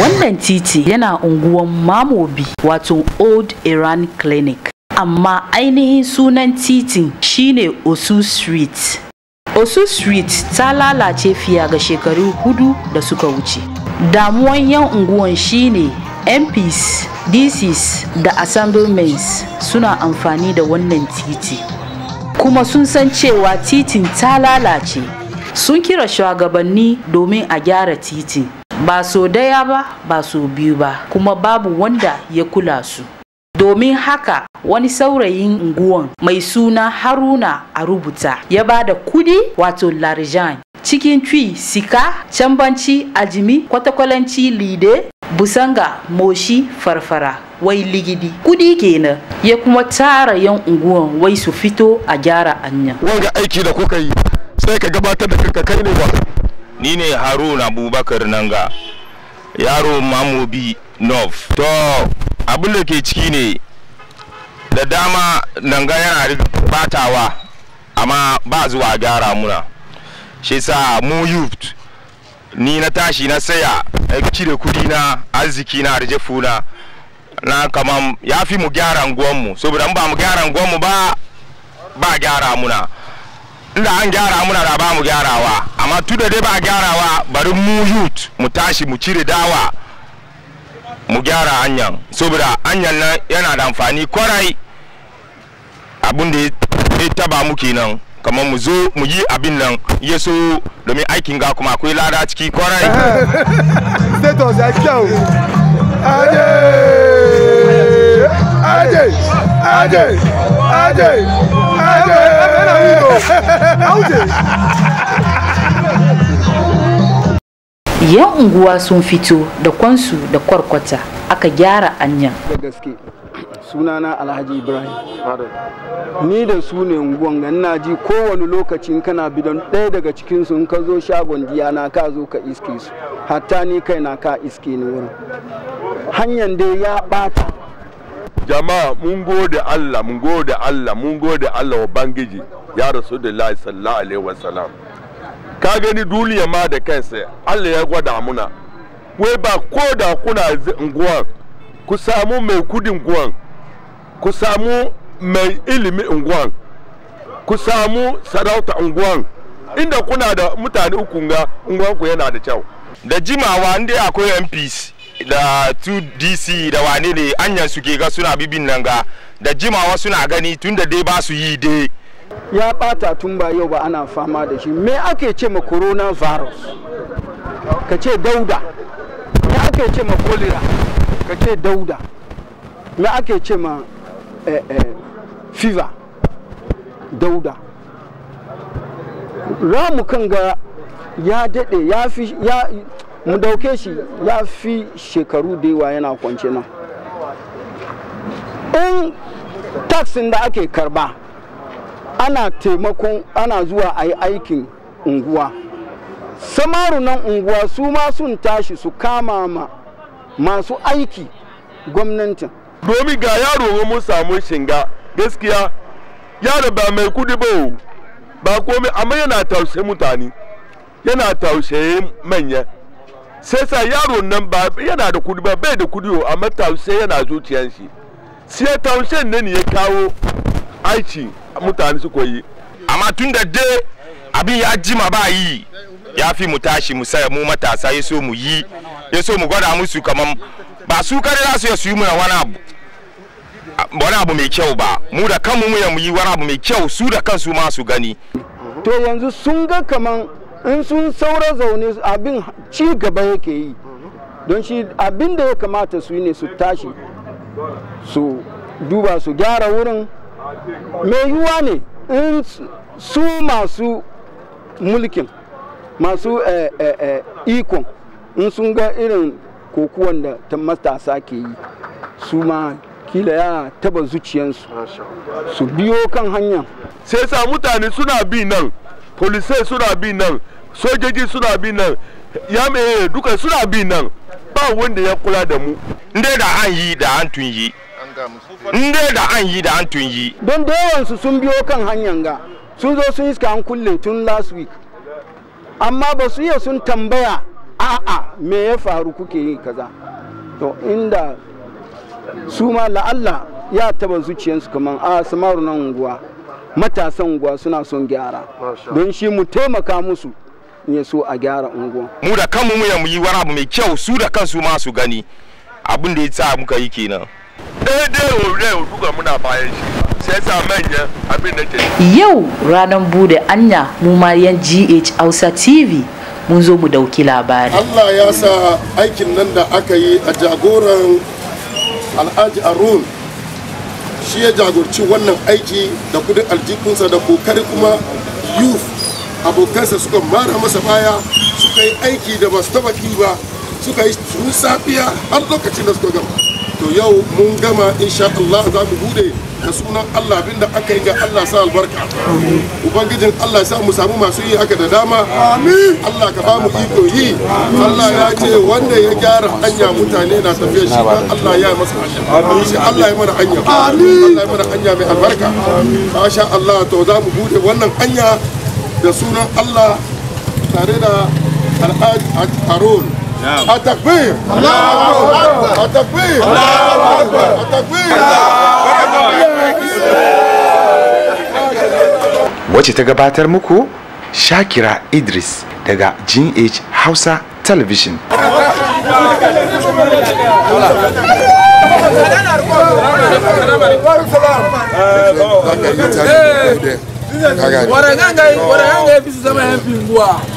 Wannan titi yana unguwan Mamobi wato Old Iran Clinic, amma ainihin sunan titin shine Osu Street. Osu Street ta lalace fiya ga shekaru hudu da suka wuce. Damuwan 'yan unguwan shine MPs dcs da assemblements suna amfani da wannan titi kuma sun san cewa titin ta lalace sun kira shugabanni domin a gyara titin ba so daya ba ba so biyu ba kuma babu wanda ya kula su domin haka wani saurayin unguwan mai suna haruna a rubuta ya ba da kudi wato larjan cikin twi sika cambanci ajimi kwatakwalanci lide busanga moshi farfara wai ligidi kudi kenan ya kuma tara yan unguwan wai su fito a gyara anya ga aiki da kuka yi sai ka gabatar da kanka kai ne ba ni ne haruna abubakar nanga yaro mamobi nov to abin da ke ciki ne da dama nanga yana batawa amma ba zuwa gyara muna shi sa mu youth ni na tashi na saya a eh, cire kudi na arziki na arjefu na na kaman ya fi mu gyara mu saboda ba mu gyara mu ba ba gyara muna inda an gyara muna da ba mu gyarawa amma tu da dai ba gyarawa bari mu yut mu tashi mu cire dawa mu gyara hanyar saboda hanyar nan yana da amfani kwarai abin da ya taba mu kenan kamar mu zo mu yi abin nan ya so domin aikin ga kuma akwai lada ciki kwarai status ya kyau aje aje aje aje aje yan unguwa sun fito da kwansu da kwarkwata aka gyara anyan sunana alhaji ibrahim ni da su ne unguwan na ji kowane lokacin kana bidan ɗaya daga cikinsu in ka zo shagon diyana ka zo ka iske su hatta ni kai na ka iske ni wurin hanyar dai ya ɓata jama'a mun gode allah mun gode allah mun gode allah wa bangiji ya rasu da lai sallallahu alaihi wasallam ka gani duniya ma da kansa allah ya gwada muna wai ba ko da kuna unguwan ku samu mai kudin guwan ku samu mai ilimi unguwan ku samu sarauta unguwan inda kuna da mutane uku ga ku yana da kyau da jimawa inda akwai mps da 2dc da wane ne anyan su ga suna bibin nan ga da jimawa suna gani tun da dai ba su yi dai ya bata tun ba yau ba ana fama da shi me ake ce ma coronavirus ka ce dauda me ake ce ma cholera ka ce dauda me ake ce ma Eh, eh, Fiva dauda ramu kan ga ya daɗe ya fi ya mu dauke shi ya fi shekaru da yawa yana kwance nan in taksin da ake karba ana taimakon ana zuwa a yi aikin unguwa samaru nan unguwa su ma sun tashi su kama ma masu aiki gwamnatin domin ga yaro mun samu shinga gaskiya yaro ba mai kudi ba ba komai amma yana taushe mutane yana taushe manya sai sa yaro nan ba yana da kudi ba bai da kudi amma taushe yana zuciyar shi sai taushe nan ya kawo aiki mutane su koyi amma tun da dai abin ya jima ba yi ya fi mu tashi mu matasa ya so mu yi ya mu gwada musu kamar ba su kare za su yi mana wani abu wani abu mai kyau ba mu da kanmu mu yi wani abu mai kyau su da kansu ma su gani to yanzu sun ga kaman in sun saura zaune abin ci gaba yake yi don shi abin da ya kamata su yi ne su tashi su duba su gyara wurin mai yiwuwa ne in su masu mulkin masu eh, eh, eh, ikon in sun ga irin kokuwan da ta matasa ke yi su ma kila ya taba zuciyansu su biyo kan hanya sai sa mutane suna bi nan polisai suna bi nan sojoji suna bi nan ya mai duka suna bi nan ba wanda ya kula da mu inda da an yi da an tun yi inda da an yi da an tun yi don da sun biyo kan hanyar ga sun zo sun iska an kulle tun last week amma ba su iya sun tambaya a'a me ya faru kuke yi kaza to inda su ma la'alla ya taba zuciyarsu kamar a ah, samaru na unguwa matasan unguwa suna son gyara don shi mu taimaka musu ne so a gyara unguwa mu da kanmu mu ya mu yi wani abu mai kyau su da kansu ma su gani abin da ya sa muka yi kenan o muna bayan shi Yau ranar bude anya mu ma yan GH Hausa TV mun zo mu dauki labari Allah ya sa aikin nan da aka yi a jagoran alhaji arun shi ya jagorci wannan aiki da kudin aljikunsa da kokari kuma youth abokansa suka mara masa baya suka yi aiki da ba su taba ba suka yi tun safiya har lokacin da suka gama to yau mun gama insha Allah za mu bude da sunan Allah abinda aka yi ga Allah sa albarka ubangijin Allah sa mu samu masu yi haka da dama amin Allah ka ba mu iko yi Allah ya ce wanda ya gyara hanya mutane na tafiya shi ba Allah ya yi masa hanya shi Allah ya mana hanya amin Allah ya mana hanya mai albarka masha Allah to za mu bude wannan hanya da sunan Allah tare da al'ad Harun a takbir Allahu akbar takbir Allahu akbar takbir Wace ta gabatar muku Shakira Idris daga GH Hausa Television. Waragangai, waragangai bisu zama yan finguwa.